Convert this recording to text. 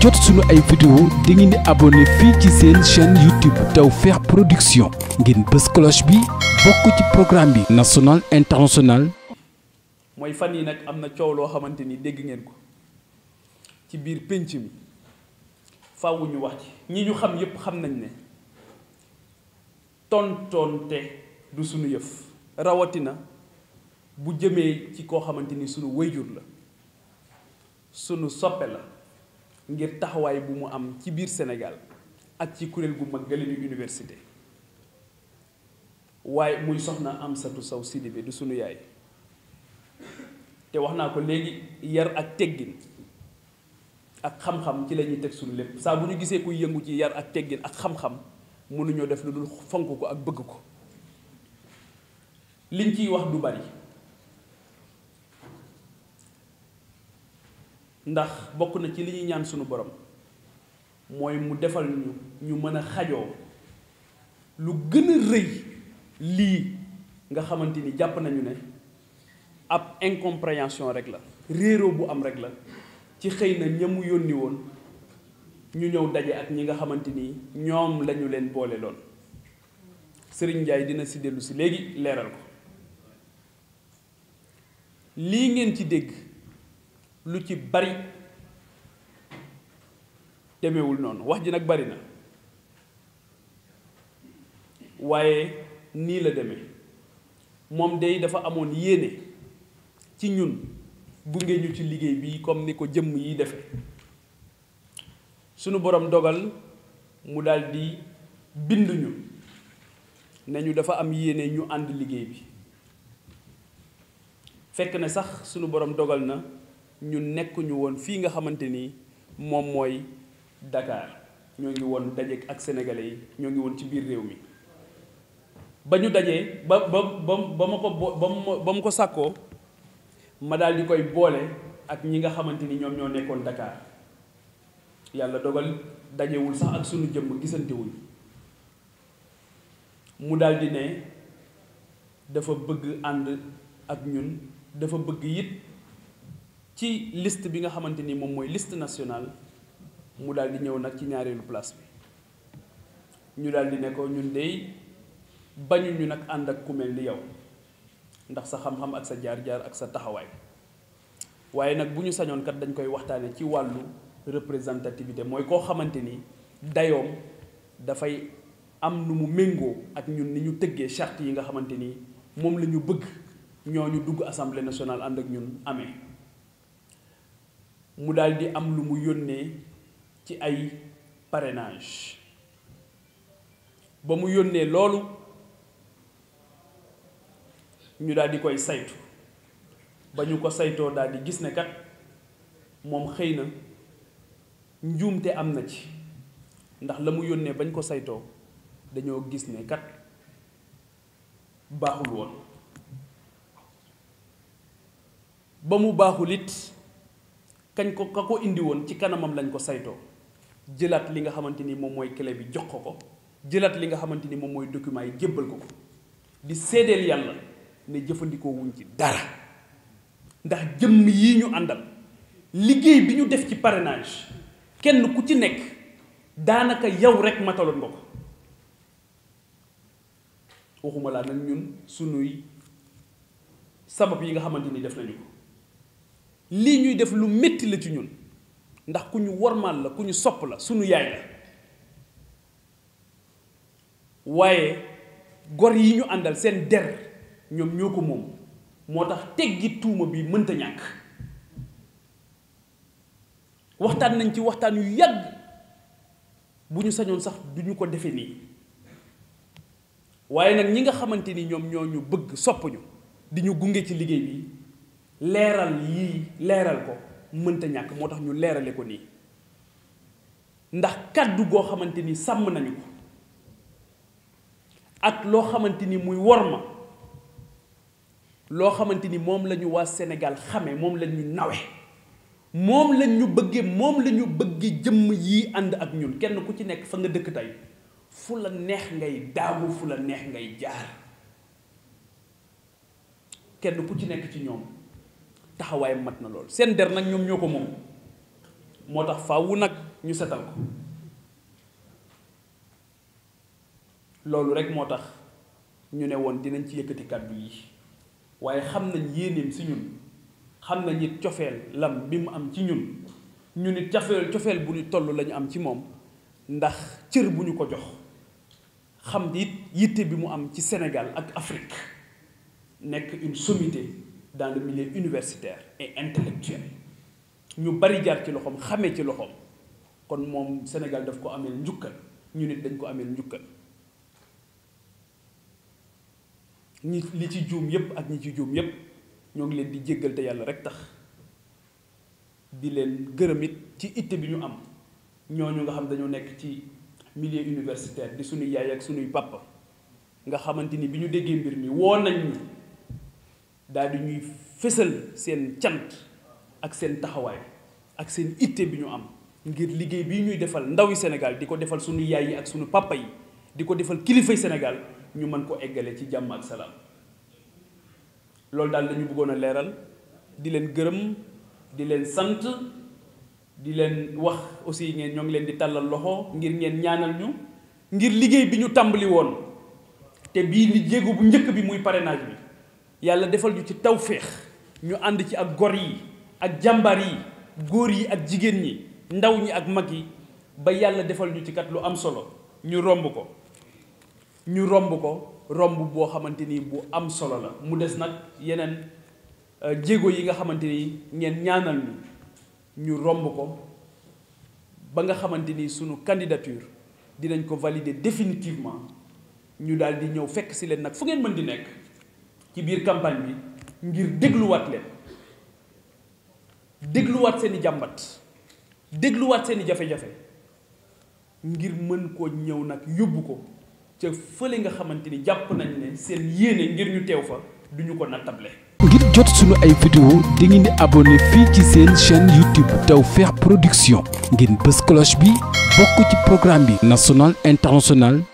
jot suñu ay vidéo da ngeen di abonné fii ci seen chaîne YouTube Tawfekh Production ngeen bës cloche bi bokk ci programme bi national international mooy fan yi nag am na coow loo xamante ni dégg ngeen ko ci biir pénc mi faaw ñu wax ci ñi ñu xam yépp xam nañ ne tontonte du suñu yëf rawatina bu jëmee ci koo xamante ni suñu wayjur la suñu soppe la ngir taxawaay bu mu am ci biir Sénégal ak ci kuréel gu mag gale université waaye muy soxna Amsatou Sow Sidibé du sunu yaay te wax naa ko léegi yar ak teggin ak xam-xam ci lañuy ñuy teg suñu lépp saa bu ñu gisee kuy yëngu ci yar ak teggin ak xam-xam mënuñoo def lu dul fonk ko ak bëgg ko liñ ciy wax du bari ndax bokk na ci li ñuy ñaan sunu borom mooy mu defal ñu ñu mën a xajoo lu gën a rëy lii nga xamante ni jàpp nañu ne ab incompréhension rek la réeroo bu am rek la ci xëy na ñamu yónni woon ñu ñëw daje ak ñi nga xamante ni ñoom lañu leen boole loon Sëriñ Njaay dina si dellu si léegi leeral ko lii ngeen ci dégg lu ci bari demewul noonu wax ji nag bari na waaye nii la deme moom dey dafa amoon yéene ci ñun bunge ñu ci liggéey bi comme ni ko jëmm yi defe sunu borom dogal mu daldi bind ñu dafa am yéene ñu ànd liggéey bi fekk na sax sunu borom dogal na ñu nekkuñu woon fii nga xamante ni moom mooy Dakar ñoo ngi woon daje ak sénégalais yi ñoo ngi woon ci biir réew mi ba ñu dajee ba ba ba ba ko ba ba ma ko sàkkoo ma dal di koy boole ak ñi nga xamante ni ñoom ñoo nekkoon Dakar yàlla dogal dajewul sax ak sunu jëmm gisantewuñ mu daal di ne dafa bëgg ànd ak ñun dafa bëgg yit ci list bi nga xamante ni moom mooy list nationale mu daal di ñëw nag ci ñaareelu place bi ñu daal di ne ñun dey bañuñu nag ànd ak ku mel ni yow ndax sa xam-xam ak sa jaar-jaar ak sa taxawaay waaye nag bu ñu sañoon dañ koy waxtaane ci wàllu représentativité mooy koo xamante ni dayoom dafay am nu mu méngoo ak ñun ni ñu tëggee charte yi nga xamante ni moom la ñu bëgg ñoo ñu dugg assemblée nationale ànd ak ñun amee. mu daldi am lu mu yónnee ci ay parrainage ba mu yónnee loolu ñu daldi koy saytu ba ñu ko saytoo daal gis ne kat moom xëy na njuumte am na ci ndax la mu yónnee bañ ko saytoo dañoo gis ne kat baaxul woon ba mu baaxul it kañ ko ka ko indi woon ci kanamam lañ ko saytoo jëlaat li nga xamante ni moom mooy kele bi jox ko ko jëlaat li nga xamante ni moom mooy document yi jébbal ko ko di seedeel yàlla ne jëfandikoo wuñ ci dara ndax jëmm yi ñu àndal liggéey bi ñu def ci parenage kenn ku ci nekk daanaka yow rek mataloon nga ko waxuma laa ñun sunuy sabab yi nga xamante ni def nañu lii ñuy def lu métti la ci ñun ndax ku ñu wormaal la ku ñu sopp la sunu yaay la waaye gor yi ñu àndal seen der ñoom ñoo ko moom moo tax teggi tuuma bi mënta ñàkk waxtaan nañ ci waxtaan yu yàgg bu ñu sañoon sax du ko defe nii waaye nag ñi nga xamante ni ñoom ñoo ñu bëgg sopp ñu di ñu gunge ci liggéey bi leeral yi leeral ko mënta ñàkk moo tax ñu leerale ko nii ndax kàddu goo xamante ni sàmm nañu ko ak loo xamante ni muy worma loo xamante ni moom la ñu waa Sénégal xame moom la ñu nawe moom la ñu bëgge moom la ñu bëgge jëmm yii ànd ak ñun kenn ku ci nekk fa nga dëkk tey fu la neex ngay daagu fu la neex ngay jaar kenn ku ci nekk ci ñoom taxawaay mat na lool seen der nag ñoom ñoo ko moom moo tax fawu nag ñu setal ko loolu rek moo tax ñu ne woon dinañ ci yëkkati kàddu yi waaye xam nañ yéeneem si ñun xam nañ it cofeel lam bi mu am ci ñun ñu nit cofeel cofeel bu ñu tollu lañu am ci moom ndax cër bu ñu ko jox xam di yitte bi mu am ci Sénégal ak Afrique nekk une sommité dans le milieu universitaire et intellectuel ñu bari jaar ci loxoom xamee ci loxoom kon moom Sénégal daf ko ameel njukkal ñu nit dañ ko ameel njukkan ñi li ci juum yépp ak ñi ci juum yépp ñoo ngi leen di jéggal yàlla rek tax di leen gërëm it ci itte bi ñu am ñooñu nga xam dañoo nekk ci milieu universitaire di suñu yaay ak suñuy papa nga xamante ni bi ñu déggee mbir mi woo nañ ñu daal di ñuy fësal seen cant ak seen taxawaay ak seen itte bi ñu am ngir liggéey bi ñuy defal ndawi Sénégal di ko defal suñu yaay yi ak suñu papa yi di ko defal kilifay Sénégal ñu mën ko eggale ci jàmm ak salaam loolu daal dañu bëggoon a leeral di leen gërëm di leen sant di leen wax aussi ngeen ñoo ngi leen di tàllal loxo ngir ngeen ñaanal ñu ngir liggéey bi ñu tàmbali woon te bii li jéego bu njëkk bi muy parrainage bi yàlla defal ñu ci tawféex ñu ànd ci ak gor yi ak jàmbar yi góor yi ak jigéen ñi ndaw ñi ak mag yi ba yàlla defal ñu ci kat lu am solo ñu romb ko ñu romb ko romb boo xamante ni bu am solo la mu des nag yeneen euh, jéego yi nga xamante ni ngeen ñaanal ñu ñu romb ko ba nga xamante ni sunu candidature dinañ ko valider définitivement ñu daal di ñëw fekk si leen nag fu ngeen mën di nekk ci biir campagne bi ngir dégluwaat leen dégluwaat seeni jàmbat dégluwaat seeni i jafe-jafe ngir mën koo ñëw nag yóbbu ko ca fële nga xamante ni jàpp nañ ne seen yéene ngir ñu teew fa du ñu ko nattable ngir jot suñu ay vidéo di ngeen di abonné fii ci seen chaîne YouTube Tawfekh Production ngeen bës cloche bi bokk ci programme bi national international